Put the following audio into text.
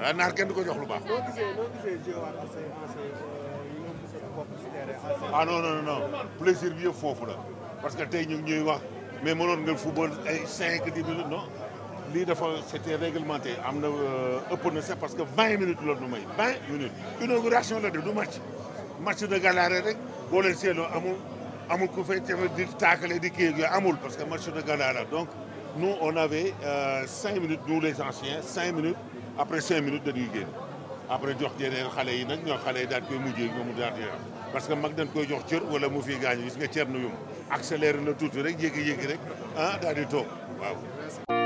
waaw naar kenn du ko jox lu baax. noo gisee noo gisee jéewaat ak say conseil ah non non non plaisir bi yëpp foofu la parce que tey ñu ngi ñuy wax mais mënoon nga football ay cinq dix minutes non lii dafa c'était réglementé am na euh, ëpp na sax parce que vingt minutes la nu may vingt minutes. inauguration la de du match match de galaare rek boo leen seetloo amul amul ku fay tamit di taakale di kii amul parce que match de galaare donc nous on avait euh, cinq minutes nous les anciens cinq minutes. après cinq minutes dañuy génn après jox yeneen xale yi nag ñoo xale yi daal koy mujjee nga mu daal di parce que mag dañ koy jox cër wala mu fi gaañu gis nga cër nu yum accéléré na tuuti rek yéegi yéegi rek ah daal di toog waaw.